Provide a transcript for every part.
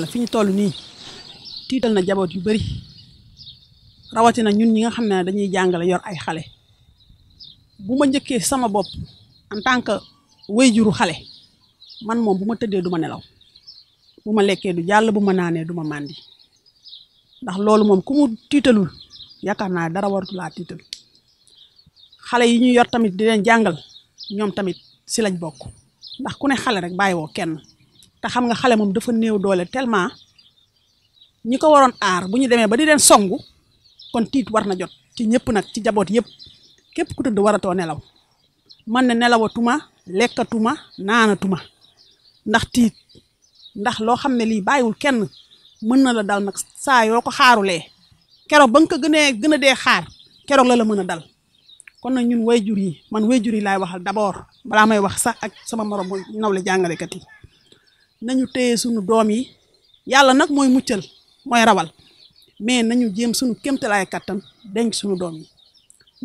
la fiñu tollu ni tital na jabot yu bari rawatina ñun ñi nga xamne dañuy yor ay xalé bu ma sama bop en tant que wayjuru xalé man mom bu ma tëddee du nelaw bu ma lekkee du jall bu ma naanee du ndax loolu mom kumu titalul yakarna dara wartu la xalé yi ñu yor tamit di leen jangal ñom tamit si lañ bokk ndax ku ne xalé rek kenn te xam nga xale moom dafa néew doole tellement ñi ko waroon aar bu ñu demee ba di leen songu kon tiit war na jot ci ñëpp nag ci jaboot yëpp képp ku tëdd waratoo nelaw man ne nelawatuma lekkatuma naanatuma ndax tiit ndax loo xam ne lii bàyyiwul kenn mën na la dal nag saa yoo ko xaarulee keroog ba nga ko gënee gën a dee xaar keroog la la mën a dal kon nag ñun wayjur yi man wayjur yi laay waxal d'abord balaa may wax sax ak sama moroom nawle jàngalekat yi nañu téye sunu doom yi yàlla nag mooy muccal mooy rawal mais nañu jéem sunu kéemtalaay kattan denc sunu doom yi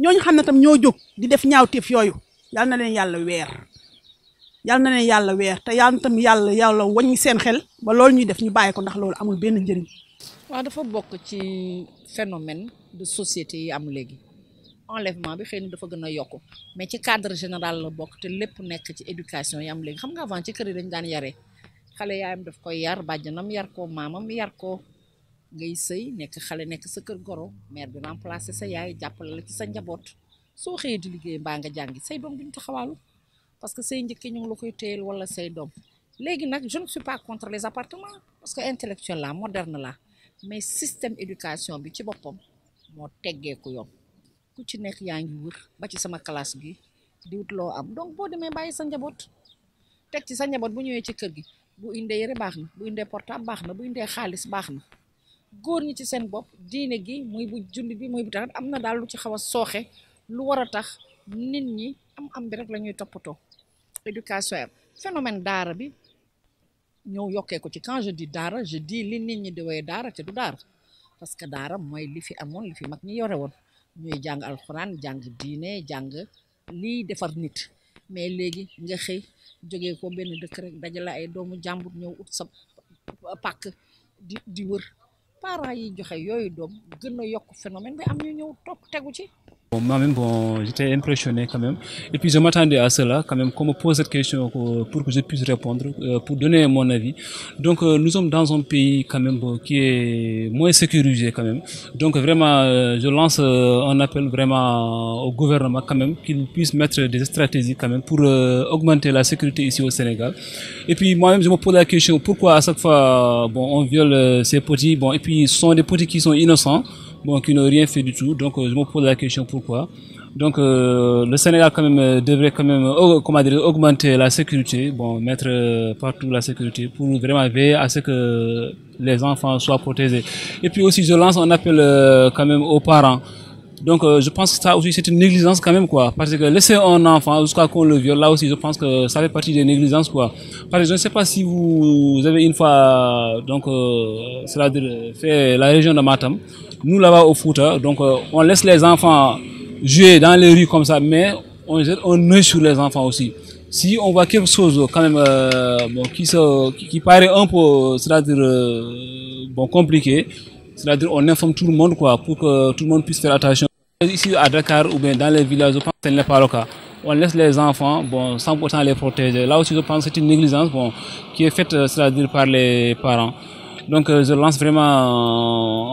ñooñu xam ne tam ñoo jóg di def ñaawteef yooyu yal na leen yàlla weer yal na leen yàlla weer te yal na tam yàlla yàlla waññi seen xel ba loolu ñuy def ñu bàyyi ko ndax loolu amul benn njëriñ. waaw dafa bokk ci phénomène de société yi am léegi. enlèvement bi xëy na dafa gën a yokk mais ci cadre général la bokk te lépp nekk ci éducation yi am léegi xam nga avant ci kër yi dañ daan yaree xale yaayam daf koy yar bàjjanam yar ko maamam yar ko ngay sëy nekk xale nekk sa kër goro mère bi remplacer sa yaay jàppale la ci sa njaboot soo xëyee di liggéey baa nga jàngi say doom duñu taxawaalu que say njëkke ñu la koy téyel wala say léegi nag je ne suis pas contre les parce que intellectuel la moderne la mais système éducation bi ci boppam moo teggee ku yoon ku ci nekk yaa ngi ba ci sama classe gi di wut boo demee bàyyi sa njaboot teg ci sa njaboot bu ñëwee ci kër gi bu indee yëre baax na bu indee portable baax na bu indee xaalis baax na góor ñi ci seen bopp diine gi muy bu jullit bi muy bu tamit am na daal lu ci xaw a sooxe lu war a tax nit ñi am am bi rek la toppatoo éducation am phénomène daara bi ñëw yokkee ko ci quand je dis daara je dis li nit ñi di daara te du daara parce que daara mooy li fi amoon li fi mag ñi yore woon ñuy jàng alxuraan jàng diine jàng lii defar nit mais léegi nga xëy jógee ko benn dëkk rek dajale ay doomu jàmbur ñëw ut sa pàkk di di wër parents yi joxe yooyu doom gën a yokk phénomène bi am ñu ñëw topp tegu ci Moi-même, bon, j'étais impressionné quand même. Et puis je m'attendais à cela quand même, qu'on me pose cette question euh, pour que je puisse répondre, euh, pour donner mon avis. Donc euh, nous sommes dans un pays quand même qui est moins sécurisé quand même. Donc vraiment, je lance un appel vraiment au gouvernement quand même, qu'il puisse mettre des stratégies quand même pour augmenter la sécurité ici au Sénégal. Et puis moi-même, je me pose la question, pourquoi à chaque fois, bon, on viole ces petits, bon, et puis ce sont des petits qui sont innocents qui n'ont rien fait du tout. Donc, euh, je me pose la question pourquoi. Donc, euh, le Sénégal quand même euh, devrait quand même augmenter la sécurité, bon, mettre partout la sécurité pour vraiment veiller à ce que les enfants soient protégés. Et puis aussi, je lance un appel quand même aux parents. Donc je pense que ça aussi c'est une négligence quand même quoi. Parce que laisser un enfant jusqu'à qu'on le viole, là aussi je pense que ça fait partie des négligences quoi. Parce que je ne sais pas si vous, avez une fois donc cela fait la région de Matam. Nous, là-bas, au foot, hein, donc euh, on laisse les enfants jouer dans les rues comme ça, mais on jette un œil sur les enfants aussi. Si on voit quelque chose quand même euh, bon, qui, se, qui, paraît un peu, euh, dire bon, compliqué, c'est-à-dire on informe tout le monde quoi, pour que tout le monde puisse faire attention. Ici à Dakar ou bien dans les villages, je pense que ce n'est pas le cas on laisse les enfants, bon, pourtant les protéger. Là aussi, je pense que c'est une négligence bon, qui est faite, c'est-à-dire par les parents. Donc, je lance vraiment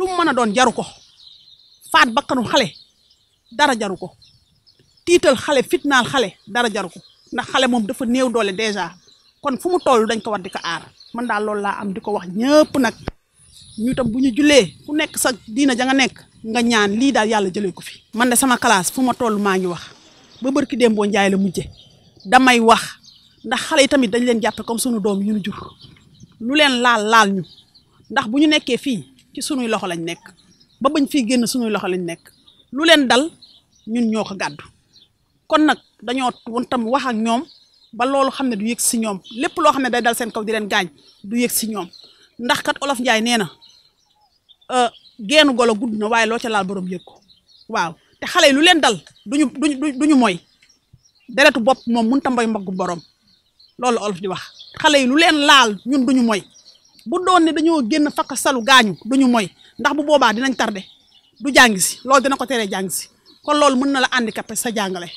lu mu mën a doon jaru ko faat bakkanu xale dara jaru ko tiital xale fitnaal xale dara jaru ko ndax xale moom dafa néew doole dèjà kon fu mu toll dañ ko war di ko aar man daal loolu laa am di ko wax ñëpp nag ñu tam bu ñu julee ku nekk sa diina ja nga nekk nga ñaan lii daal yàlla jëlee ko fi. man de sama classe fu ma toll maa ngi wax ba barki Dembo Njaay la mujje damay wax ndax xale yi tamit dañ leen jàppe comme sunu doom yu ñu jur lu leen laal laal ñu ndax bu ñu nekkee fii. ci sunuy loxo lañ nekk ba bañ fiy génn sunuy loxo lañ nekk lu leen dal ñun ñoo ko gàddu kon nag dañoo won tam wax ak ñoom ba loolu xam ne du yëg si ñoom lépp loo xam ne day dal seen kaw di leen gaañ du yëg si ñoom ndax kat olof Njaay nee na euh, geenu golo gudd na waaye loo ca laal borom yëg ko waaw te xale yi lu leen dal duñu duñu moy mooy deretu bopp moom mënut a mbay mbaggu borom loolu olof di wax xale yi lu leen laal ñun duñu moy bu doon ne dañoo génn fakk salu gañu duñu moy ndax bu boba dinañ tardé du jàng si loolu dina ko téré jàng si kon loolu mën na la handicapé sa jangalé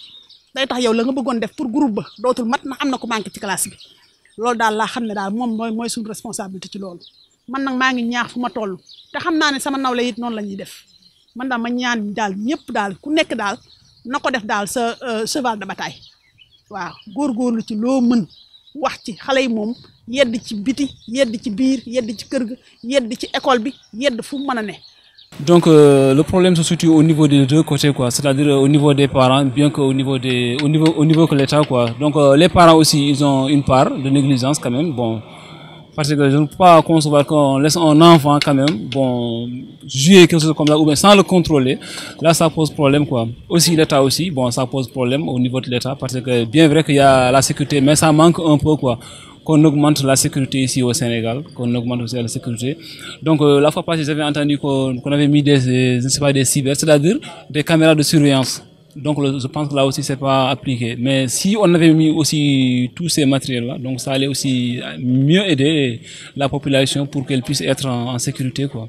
day tax yow la nga bëggoon def pour groupe ba dootul mat na amna na ko manqué ci classe bi loolu daal la xamné ne daal moom moy mooy suñu responsabilité ci loolu man nak ma ngi ñaax fuma tollu toll te xam naa sama nawlé yit non lañuy def man daal ma ñaan dal ñepp dal ku nekk dal nako def dal sa euh, cheval de bataille waaw lu ci lo mën wax ci xalé mom yedd ci biti yedd ci ci ga ci école bi yedd Donc euh, le problème se situe au niveau des deux côtés quoi, c'est-à-dire euh, au niveau des parents bien qu'au niveau des au niveau au niveau que l'État quoi. Donc euh, les parents aussi ils ont une part de négligence quand même. Bon parce que je ne peux pas concevoir qu'on laisse un enfant quand même bon jouer quelque chose comme ça ou bien sans le contrôler. Là ça pose problème quoi. Aussi l'État aussi, bon ça pose problème au niveau de l'État parce que bien vrai qu'il y a la sécurité mais ça manque un peu quoi qu'on augmente la sécurité ici au Sénégal, qu'on augmente aussi la sécurité. Donc euh, la fois passée, j'avais entendu qu'on avait mis des, des, sais pas, des cyber, c'est-à-dire des caméras de surveillance. Donc je pense que là aussi, c'est pas appliqué. Mais si on avait mis aussi tous ces matériels-là, donc ça allait aussi mieux aider la population pour qu'elle puisse être en, en sécurité. quoi.